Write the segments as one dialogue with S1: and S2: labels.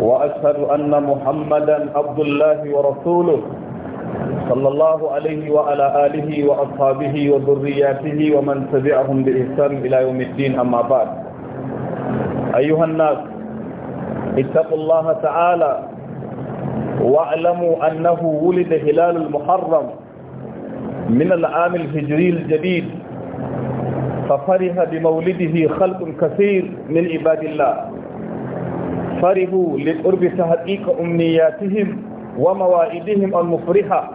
S1: وأشهد أن محمدا عبد الله ورسوله صلى الله عليه وعلى آله وأصحابه وذرياته ومن تبعهم بإحسان إلى يوم الدين أما بعد أيها الناس اتقوا الله تعالى واعلموا أنه ولد هلال المحرم من العام الهجري الجديد ففرح بمولده خلق كثير من عباد الله فرحوا لقرب تحقيق أمنياتهم وموائدهم المفرحة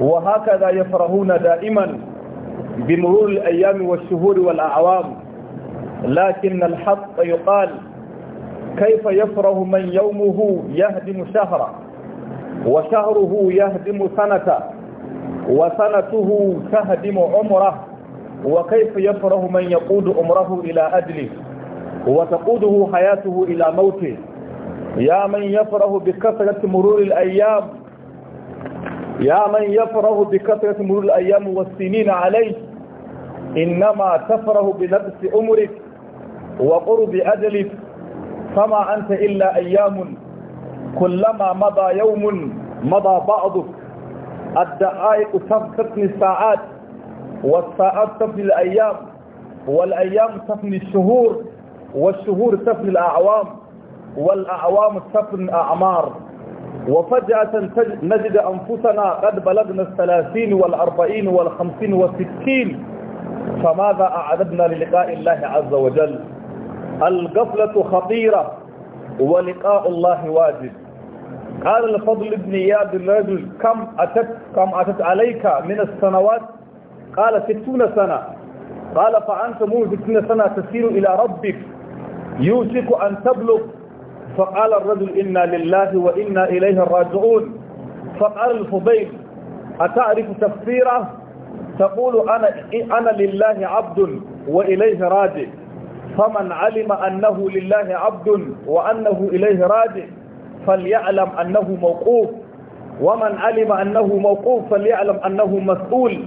S1: وهكذا يفرحون دائما بمرور الأيام والشهور والأعوام لكن الحق يقال كيف يفرح من يومه يهدم شهرا وشهره يهدم سنة وسنته تهدم عمره وكيف يفرح من يقود عمره إلى أجله وتقوده حياته إلى موته يا من يفره بكثرة مرور الأيام يا من يفره بكثرة مرور الأيام والسنين عليه إنما تفره بنفس أمرك وقرب أجلك فما أنت إلا أيام كلما مضى يوم مضى بعضك الدقائق تفتني الساعات والساعات تفني الأيام والأيام تفني الشهور والشهور سفن الأعوام والأعوام سفن أعمار وفجأة نجد أنفسنا قد بلغنا الثلاثين والأربعين والخمسين والستين فماذا أعددنا للقاء الله عز وجل الغفلة خطيرة ولقاء الله واجب قال الفضل بن اياد الرجل كم أتت, كم أتت عليك من السنوات قال ستون سنة قال فأنت منذ ستون سنة تسير إلى ربك يوشك أن تبلغ فقال الرجل إنا لله وإنا إليه راجعون فقال الفضيل أتعرف تفسيره تقول أنا, أنا لله عبد وإليه راجع فمن علم أنه لله عبد وأنه إليه راجع فليعلم أنه موقوف ومن علم أنه موقوف فليعلم أنه مسؤول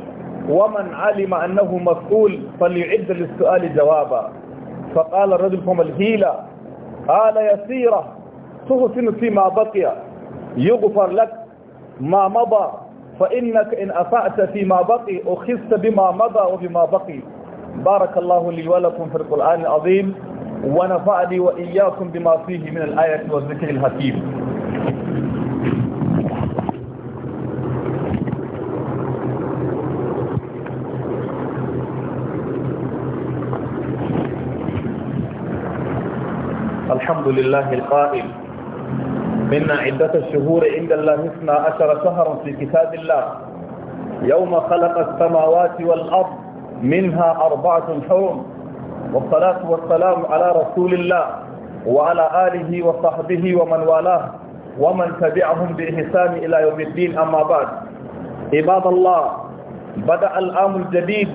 S1: ومن علم أنه مسؤول فليعد للسؤال جوابا فقال الرجل فما الهيلة قال يسيرة تحسن فيما بقي يغفر لك ما مضى فإنك إن أفعت فيما بقي أخذت بما مضى وبما بقي بارك الله لي ولكم في القرآن العظيم ونفعني وإياكم بما فيه من الآية والذكر الحكيم الحمد لله القائل منا عدة الشهور عند الله اثنا عشر شهرا في كتاب الله يوم خلق السماوات والأرض منها أربعة حرم والصلاة والسلام على رسول الله وعلى آله وصحبه ومن والاه ومن تبعهم بإحسان إلى يوم الدين أما بعد عباد الله بدأ العام الجديد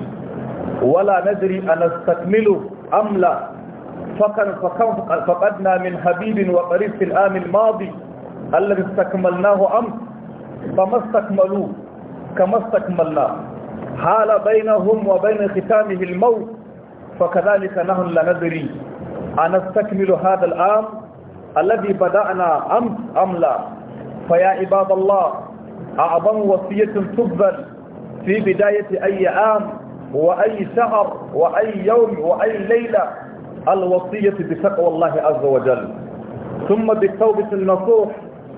S1: ولا ندري أن نستكمله أم لا فقدنا من حبيب وقريب في العام الماضي الذي استكملناه أمس فما استكملوه كما استكملناه حال بينهم وبين ختامه الموت فكذلك نحن لا ندري نستكمل هذا العام الذي بدأنا أمس أم لا فيا عباد الله أعظم وصية تبذل في بداية أي عام وأي شهر وأي يوم وأي ليلة الوصية بتقوى الله عز وجل ثم بالتوبة النصوح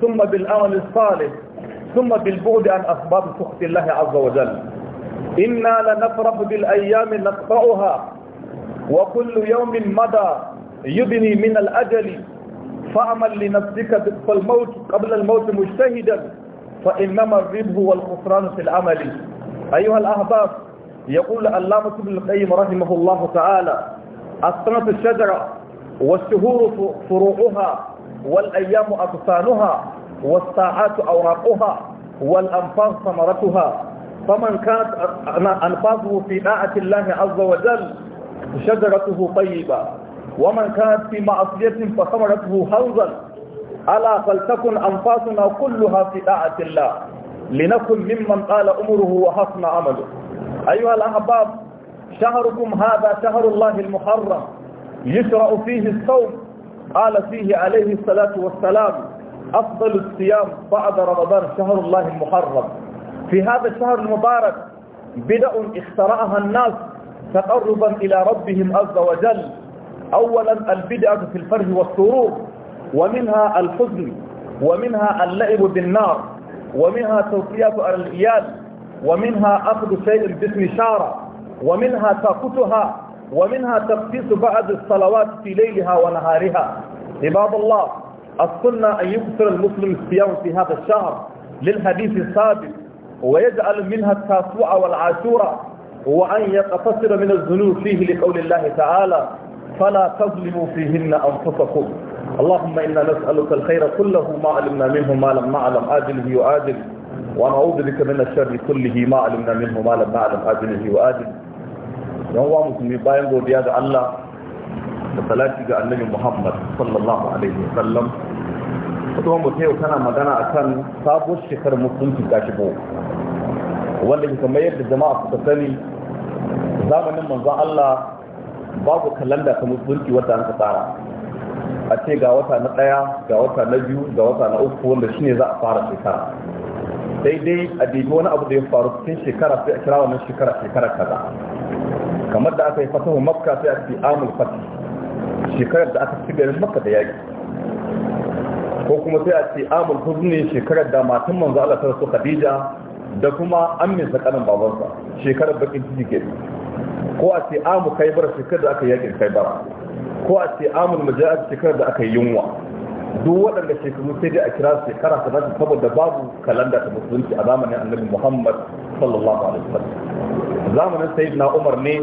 S1: ثم بالأمل الصالح ثم بالبعد عن أسباب سخط الله عز وجل إنا لنفرح بالأيام نقطعها وكل يوم مدى يبني من الأجل فأمل لنفسك تقفى الموت قبل الموت مجتهدا فإنما الربه والخسران في العمل أيها الأحباب يقول اللامة بن القيم رحمه الله تعالى أسطنت الشجرة والشهور فروعها والأيام أغصانها والساعات أوراقها والأنفاس ثمرتها فمن كانت أنفاسه في طاعة الله عز وجل شجرته طيبة ومن كانت في معصية فثمرته هرزا ألا فلتكن أنفاسنا كلها في طاعة الله لنكن ممن قال أمره وحسن عمله أيها الأحباب شهركم هذا شهر الله المحرم يشرع فيه الصوم قال فيه عليه الصلاة والسلام أفضل الصيام بعد رمضان شهر الله المحرم في هذا الشهر المبارك بدأ اخترعها الناس تقربا إلى ربهم عز وجل أولا البدعة في الفرج والسرور ومنها الحزن ومنها اللعب بالنار ومنها توصيات الإيال ومنها أخذ شيء باسم شارع ومنها تاقتها ومنها تقديس بعض الصلوات في ليلها ونهارها عباد الله السنة أن يكثر المسلم الصيام في هذا الشهر للحديث السابق ويجعل منها التاسوع والعاشورة وأن يقتصر من الذنوب فيه لقول الله تعالى فلا تظلموا فيهن أنفسكم اللهم إنا نسألك الخير كله ما علمنا منه ما لم نعلم آجله وآجل ونعوذ بك من الشر كله ما علمنا منه ما لم نعلم آجله وآجل yan uwa musulmi bayan godiya ga Allah da salati ga annabi Muhammad sallallahu alaihi wasallam sallam kuma mu yau tana magana akan sabuwar shekarar musulunci shi bo wanda ke kamar yadda jama'a suka sani zamanin manzon Allah babu kalanda ta musulunci wadda an tsara a ce ga wata na ɗaya ga wata na biyu ga wata na uku wanda shine za a fara shekara daidai a daidai wani abu da ya faru cikin shekara sai a kira wannan shekara shekara kaza kamar da aka yi fatahu makka sai a fi amul fatih shekarar da aka fi garin makka da yaƙi ko kuma sai a ce amul huzni shekarar da matan manzo Allah ta rasu Khadija da kuma ammin sa babansa shekarar bakin ciki ke ko a ce amu kaibar shekarar da aka yi yaƙin kaibar ko a ce amul majalisar shekarar da aka yi yunwa duk waɗanda shekaru sai dai a kira su shekara ta zata saboda babu kalanda ta musulunci a zamanin annabi muhammad sallallahu alaihi wasallam zamanin sayid na umar ne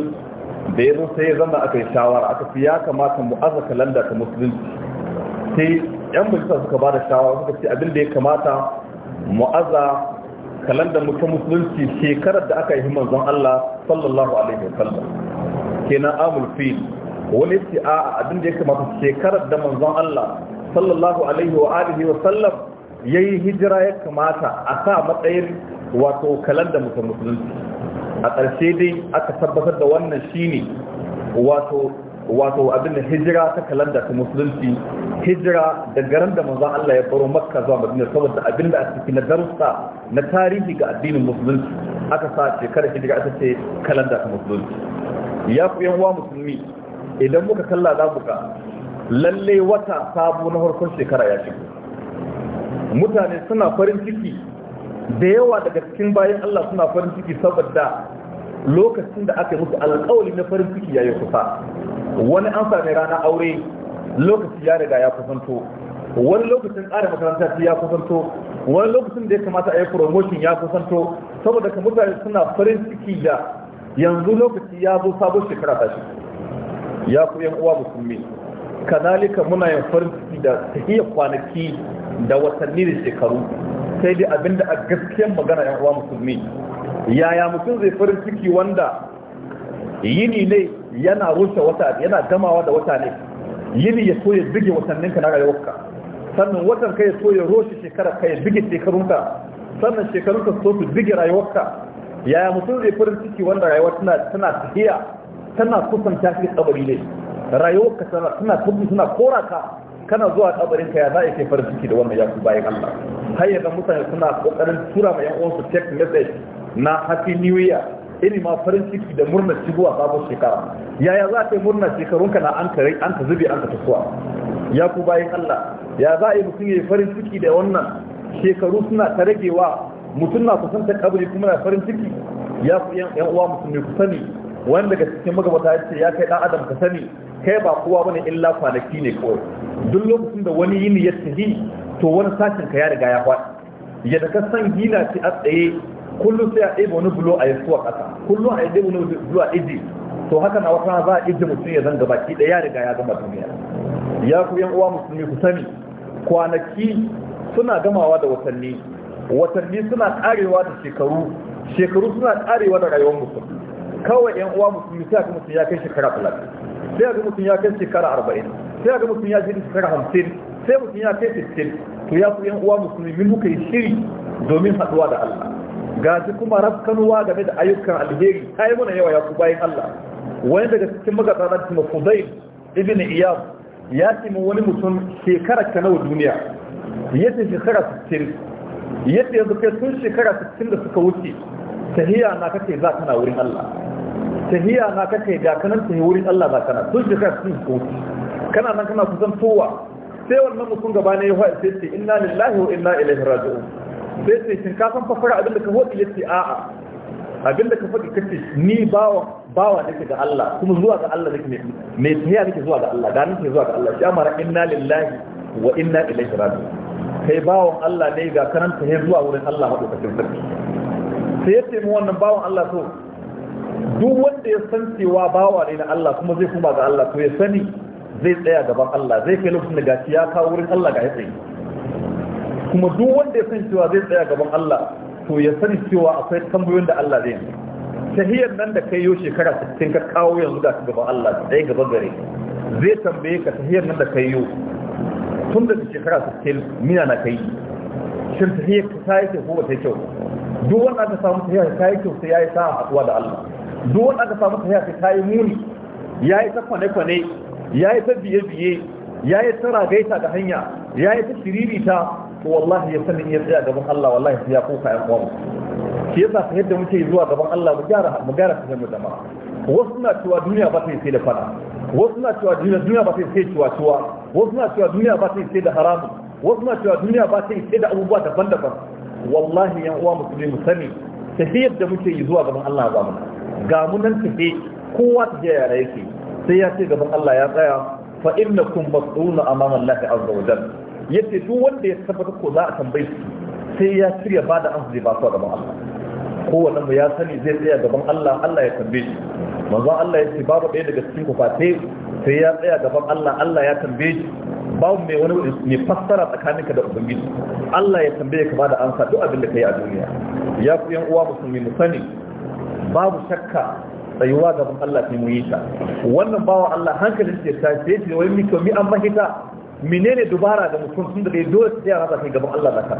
S1: da ya zo sai ya zama aka yi shawara aka fi ya kamata mu aza kalanda ta musulunci sai yan majalisa suka ba da shawara suka ce abin da ya kamata mu kalanda kalandar mu ta musulunci shekarar da aka yi zan Allah sallallahu alaihi wa sallam kenan amul fil wani ce a abin da ya kamata shekarar da manzon Allah sallallahu alaihi wa alihi wa sallam yayi hijira ya kamata a sa matsayin wato kalandar mu ta musulunci a ƙarshe dai aka tabbatar da wannan shine wato wato abin da hijira ta kalanda ta musulunci hijira da garin da manzon Allah ya baro makka zuwa madina saboda abin da a cikin na darussa na tarihi ga addinin musulunci aka sa shekarar hijira ita ce kalanda ta musulunci ya ku yan wa musulmi idan muka kalla za ga lalle wata sabo na farkon shekara ya shigo mutane suna farin ciki da yawa daga cikin bayan Allah suna farin ciki saboda lokacin da aka yi musu alkawali na farin ciki yayi kusa wani an sami rana aure lokaci ya riga ya kusanto wani lokacin ƙara makaranta ya kusanto wani lokacin da ya kamata a yi promotion ya kusanto saboda ka mutane suna farin ciki da yanzu lokaci ya zo sabon shekara ta shi ya ku yan uwa musulmi kanalika muna yin farin ciki da tafiya kwanaki da watanni da shekaru sai dai abinda a gaskiyar magana ya uwa musulmi yaya mutum zai farin ciki wanda yini ne yana rushe wata yana gamawa da wata ne yini ya so ya bige watannin ka na rayuwarka sannan watan ka ya so ya roshe shekara ka ya bige shekarunka sannan shekarunka so su bige rayuwarka yaya mutum zai farin ciki wanda rayuwar tana tana tafiya tana kusanta shi kabari ne rayuwarka tana tana tana kora ka kana zuwa kabarin ka ya za a ke farin ciki da wannan yaku bayan Allah har yanzu mutane suna kokarin tura ma yan uwansu text message na happy new year iri ma farin ciki da murna shigowa sabon shekara yaya za ka yi shekarun shekarunka na an ka an ka zube an ka tafiwa ya ku bayan Allah ya za a yi mutum ya yi farin ciki da wannan shekaru suna ta ragewa mutum na kusan ta kabari kuma na farin ciki ya ku yan uwa ne ku sani wani daga cikin magabata ya ce ya kai dan adam ka sani kai ba kowa bane illa kwanaki ne kawai duk lokacin da wani yini ya tafi to wani sashin ka ya riga ya faɗi yadda ka san gina ce a tsaye kullum sai a ɗebe wani bulo a yasuwa ƙasa kullum a dai wani bulo a iji to haka na wata za a iji mutum ya zanga baki ɗaya ya riga ya gama duniya ya ku yan uwa musulmi ku sani kwanaki suna gamawa da watanni watanni suna ƙarewa da shekaru shekaru suna ƙarewa da rayuwar mutum kawai yan uwa musulmi sai ka mutum ya kai shekara talatin sai ga mutum ya kai shekara arba'in sai ga mutum ya kai shekara hamsin sai mutum ya kai sittin to ya fi yan uwa musulmi muka yi shiri domin haɗuwa da Allah Ga gaji kuma rafkanuwa game da ayyukan alheri ta yi mana yawa ya ku bayan Allah wani daga cikin magata na cikin fudail ibn iyab ya ce wani mutum shekara ta nawa duniya ya ce shekara 60 ya ce yanzu kai sun shekara 60 da suka wuce tahiya na kake za na wurin Allah tahiyya na kake ga kanan tahi wurin Allah za kana sun shi kasu ko kana nan kana kusan towa sai wannan mutum gaba ne ya faɗi sai ce inna lillahi wa inna ilaihi raji'un sai ce shin ka san fafara abin da ka hoti yace a'a abin da ka faɗi kace ni bawa bawa nake ga Allah kuma zuwa ga Allah nake me tahiyya nake zuwa ga Allah da nake zuwa ga Allah ya mara inna lillahi wa inna ilaihi raji'un kai bawan Allah ne ga kanan tahiya zuwa wurin Allah madaukakin sarki sai yace mu wannan bawan Allah so duk wanda ya san cewa bawa ne na Allah kuma zai kuma ga Allah to ya sani zai tsaya gaban Allah zai kai lokacin da gaci ya kawo wurin Allah ga ya tsaye kuma duk wanda ya san cewa zai tsaya gaban Allah to ya sani cewa akwai tambayoyin da Allah zai yi tahiyar nan da kai yau shekara 60 ka kawo yanzu ga gaban Allah tsaye gaba gare zai tambaye ka tahiyar nan da kai yau tun da shekara 60 mina na kai shin tahiyar ka ta yake ko ba ta kyau duk wanda ta samu tahiyar ta yake kyau sai yi sa'a haɗuwa da Allah duk wanda aka samu sahiha ta yi muni ya yi ta kwane-kwane ya yi ta biye-biye ya yi ta ragaita da hanya ya yi ta shiririta to wallahi ya sanin ya tsaya gaban Allah wallahi ya koka ya kwamu shi yasa ta yadda muke zuwa gaban Allah mu gyara mu gyara ta wasu na cewa duniya ba ta yi sai da fada wasu na cewa duniya ba ta yi sai ciwa ciwa wasu na cewa duniya ba ta yi sai da haramu, wasu na cewa duniya ba ta yi sai da abubuwa daban-daban wallahi yan uwa musulmi mu sani ta yadda muke yi zuwa gaban Allah ba mu ga munan nan tafi kowa ta je yara yake sai ya ce gaban Allah ya tsaya fa innakum mas'ulun amama Allah azza wa jalla yace duk wanda ya tabbata ko za a tambaye su sai ya shirya ba da amsa zai ba su gaban Allah kowanne mu ya sani zai tsaya gaban Allah Allah ya tambaye shi manzo Allah ya ce babu ɗaya daga cikin kufate sai ya tsaya gaban Allah Allah ya tambaye shi babu mai wani mai fassara tsakaninka da ubangiji Allah ya tambaye ka ba da amsa duk abin da kai a duniya ya ku yan uwa musulmi mu sani babu shakka tsayuwa gaban Allah sai mu yi ta wannan bawa Allah hankalin sai ta sai ce wai mito mi an mahita menene dubara da mutum tun da dai dole sai ya rasa kai gaban Allah zaka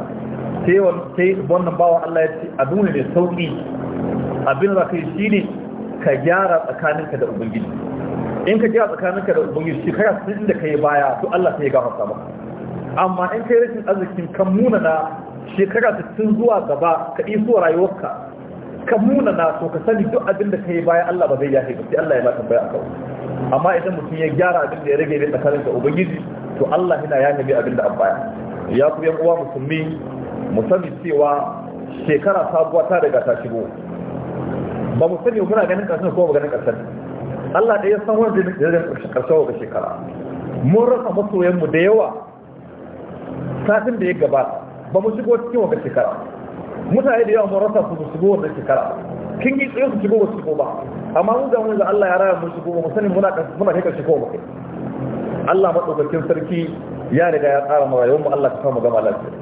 S1: sai sai wannan bawa Allah ya ce abin ne sauki abin da kai shine ka gyara tsakaninka da ubangiji in ka gyara tsakaninka da ubangiji shi kai sai inda kai baya to Allah sai ya gafarta maka amma in kai rashin arzikin kan munana shekara 60 zuwa gaba ka iso rayuwarka ka muna na so ka sani duk abin da ka yi baya Allah ba zai yafe ba sai Allah ya ba tambaya a amma idan mutum ya gyara abin da ya rage ne tsakanin da ubangiji to Allah yana yafe bi abin da an baya ya ku yan uwa musulmi mu sani cewa shekara sabuwa ta daga ta shigo ba mu sani muna ganin karshen ko ba ganin karshen Allah da ya san wanda zai zai karshen ga shekara mun rasa masoyan mu da yawa satin da ya gabata ba mu shigo cikin wanga shekara mutane da yawa mun rasa su shigo wannan shekara kin yi tsaye su shigo wasu su ba amma mun ga wani da Allah ya raya mun shigo ba mu sani muna muna kai karshe kowa kai Allah madaukakin sarki ya riga ya tsara mu rayuwar mu Allah ka samu gama lafiya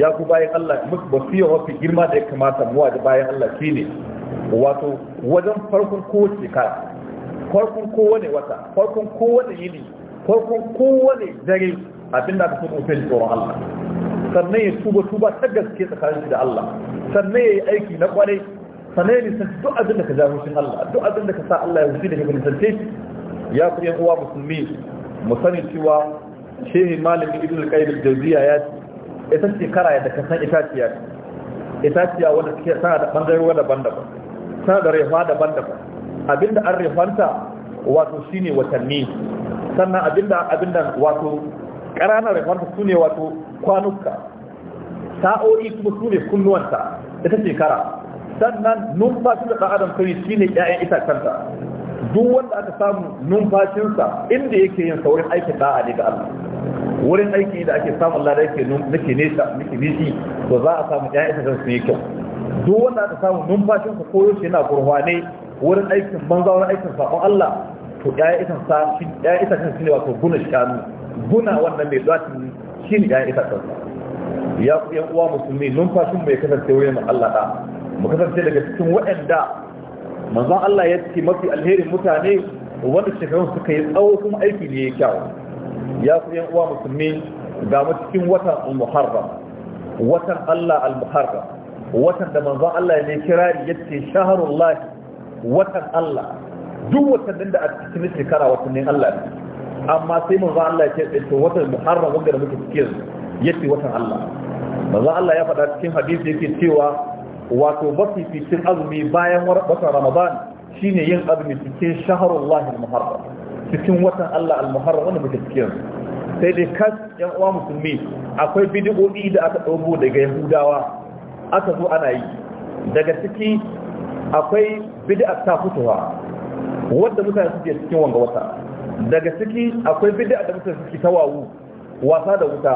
S1: ya ku bayan Allah mu basiya mafi girma da ya kamata mu da bayan Allah shine wato wajen farkon kowace shekara farkon kowane wata farkon kowane yini farkon kowane dare abinda ka so mu tsoron Allah sannan ya tuba tuba ta gaske tsakanin da Allah sannan ya yi aiki na kwarai sannan ya nisan duk abin da ka ja hushin Allah duk abin da ka sa Allah ya hushi da ka nisance ya fi yan uwa musulmi mu sani cewa shehi malami ibn al-qayyim al-jawziya ya ita ce karaya da kasan itaciya itaciya wanda take sana da bangarowa daban-daban sana da rayuwa daban-daban abinda an refanta wato shine watanni sannan abinda abinda wato Ƙaranar rahonta su ne wato kwanuka sa'o'i kuma su ne kunnuwanta da ta shekara sannan numfashin da ɗan kawai shi ne ‘ya'yan itacenta duk wanda aka samu numfashinsa inda yake yin saurin aikin da'a ne ga Allah wurin aiki da ake samun lada yake nake nesa nake nishi to za a samu ‘ya'yan itacen su ne kyau duk wanda aka samu numfashinsa koyo shi yana ne, wurin aikin banza wurin aikin saƙon Allah to ‘ya'yan itacen su ne wato guna shanu guna wannan ne zatin shi ne ‘ya'yan itacen ya ku ‘yan uwa musulmi numfashin bai kasance wurin Allah da mu kasance daga cikin waɗanda manzon Allah ya ce mafi alherin mutane wanda shekarun suka yi tsawo kuma aiki ne ya kyau. ya ku ‘yan uwa musulmi ga mu cikin watan al-muharram watan Allah al-muharram watan da manzon Allah ya ne kira yace shahrullah watan Allah duk watannin da a cikin shekara watannin Allah ne amma sai manzo Allah ya ce eh, to watan muharram wanda muke cikin yace watan Allah manzo Allah ya faɗa cikin hadisi yake cewa wato basi cikin azumi bayan watan Ramadan shine yin azumi cikin shahrullah al-muharram cikin watan Allah al-muharram wanda muke cikin sai dai kas yan uwa musulmi akwai bid'o'i da aka dauko daga Yahudawa aka zo ana yi daga ciki akwai bid'a ta fitowa wanda mutane suke cikin wanga wata daga ciki akwai bid'a da mutane suke tawawu wasa da wuta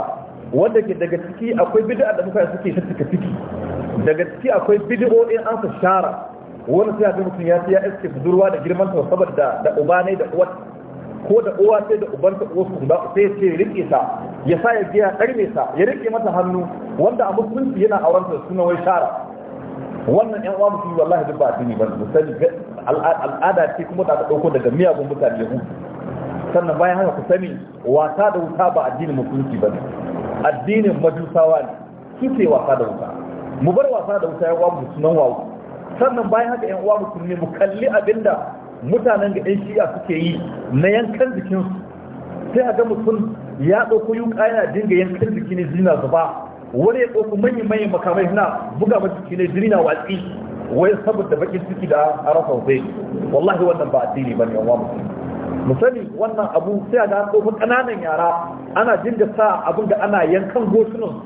S1: wanda ke daga ciki akwai bid'a da mutane suke ta cika ciki daga ciki akwai bid'o'in an sa shara wani sai ga mutum ya ya iske budurwa da girman ta saboda da uba ne da uwa ko da uwa sai da uban ta uwarsu ba sai ce rike ta ya sa ya biya ya karme ta ya rike mata hannu wanda a musulunci yana auren ta suna wai shara wannan yan uwa mutum wallahi duk ba ne ba sani al'ada ce kuma ta dauko daga miyagun mutane yahudu sannan bayan haka ku sani wasa da wuta ba addinin musulunci ba ne addinin majusawa ne ce wasa da wuta mu bar wasa da wuta yan uwa musulman wawu sannan bayan haka yan uwa musulmi mu kalli abinda mutanen ga yan shi'a suke yi na yankan jikinsu sai a ga mutum ya ɗauko yuka yana dinga yankan jiki ne zina zuba wani ya ɗauko manyan manyan makamai na buga ma jiki ne zina watsi wai saboda bakin ciki da arafa zai wallahi wannan ba addini ba ne yan uwa musulmi mu sani wannan abu sai a ga ko kananan yara ana dinga sa abin da ana yankan gosunan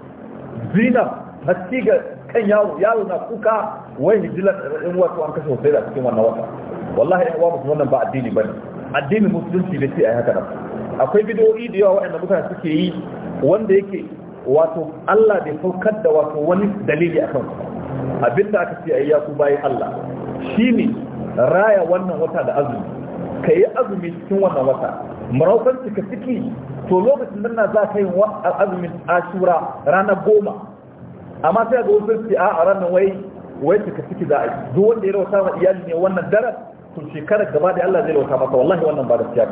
S1: zina haske ga kan yawo yawo na kuka wai hijilan in wato an kashe wasai da cikin wannan wata wallahi ɗan uwa wannan ba addini bane addinin musulunci ne sai a haka nan akwai bidiyoyi da yawa waɗanda mutane suke yi wanda yake wato Allah bai saukar da wato wani dalili akan abinda aka ce ayyaku bayan Allah shine raya wannan wata da azumi ka yi azumi cikin wannan wata maraukan cika ciki to lokacin nan za ka yi azumin ashura ranar goma amma sai ga wasu a a ranar wai wai cika ciki za a yi zo wanda ya rauta ma iyali ne wannan daren to shekarar gaba da Allah zai rauta maka wallahi wannan ba da siya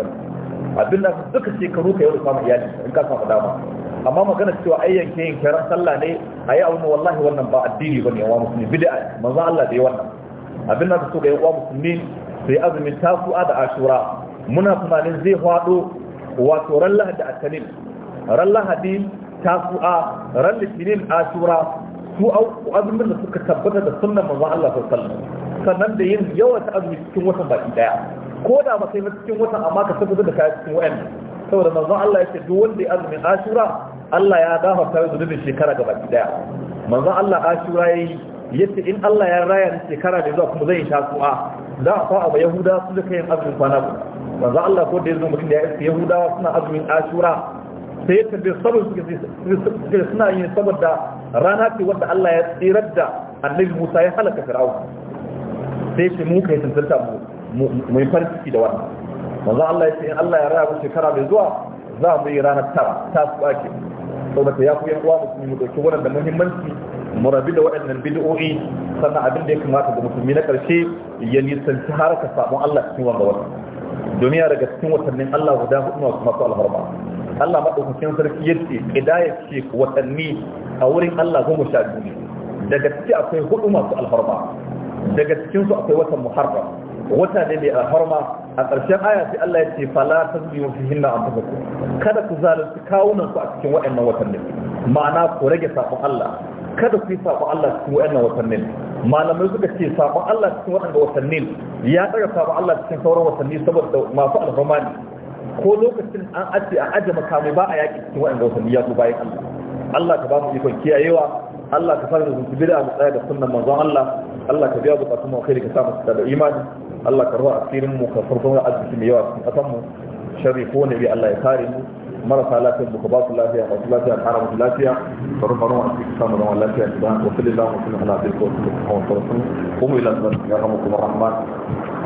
S1: abin da duka shekaru ka yi rauta ma iyali in ka samu dama amma magana cewa ai yanke yin kiran sallah ne ayi a wani wallahi wannan ba addini bane wa musulmi bid'a manzo Allah da yi wannan abin da so ga uwa musulmi sai azumin tasu'a da ashura muna tunanin zai haɗo wato ran lahadi a ran lahadi tasu'a ran litinin ashura su azumin da suka tabbata da sunan manzon Allah sallallahu alaihi sannan da yin ta azumi cikin watan baki daya ko da ba sai cikin watan amma ka tabbata da kai cikin wayan saboda manzon Allah yake duk wanda ya azumin ashura Allah ya dafa tare da zunubin shekara gaba daya manzon Allah ashura yayi yace in Allah ya raya ni shekara da zuwa kuma zan sha su'a za a fa abu yahuda su da kayan azumin kwana ku manzo Allah ko da yanzu mutum da ya iske yahudawa suna azumin ashura sai ta bai sabon suke suna yin saboda rana ce wanda Allah ya tsirar da annabi Musa ya halaka Fir'aun sai shi mu kai tuntunta mu mu yi farin ciki da wannan manzo Allah ya ce in Allah ya raya mu shekara da zuwa za mu yi ranar tara ta su ake saboda ya ku yan uwa musulmi mu dauki wannan da muhimmanci mu da waɗannan bid'o'i sannan abin da ya kamata ga musulmi na ƙarshe ya nisanci harkar sabon Allah cikin wanda wata domin ya daga cikin watannin Allah guda hudu masu masu alharba Allah maɗaukakin sarki ya ce ƙidaya ce watanni a wurin Allah goma sha biyu daga ciki akwai hudu masu alharba daga cikin su akwai watan muharram wata ne mai alfarma a ƙarshen aya sai Allah ya ce fala tazlimu fihin na anfusakum kada ku zalunci kawunan ku a cikin waɗannan watannin ma'ana ku rage sabon Allah kada ku yi sabon Allah cikin waɗannan watannin malamai suka ce sabon Allah cikin waɗannan watannin ya ɗaga sabon Allah cikin sauran watanni saboda masu alfarma ne ko lokacin an ajiye a ajiye makamai ba a yaƙi cikin waɗannan watanni ya zo bayan Allah Allah ka ba mu ikon kiyayewa Allah ka fara da zucibi da mu tsaya da sunnan manzon Allah الله كبيابة أتم وخيري كتابة كتابة إيماني الله كرواء أكثيرهم وكفرهم وعزب سميوات أتم شريفون إلي الله يكارم مرسى الله في المخبات الله فيها وصلاة فيها الحرم وصلاة فيها فرم فرم أتم كتابة الله الله فيها كتابة وصل الله وصل الله عليه وسلم وصل الله عليه وسلم قوموا إلى الزمن يرحمكم الرحمن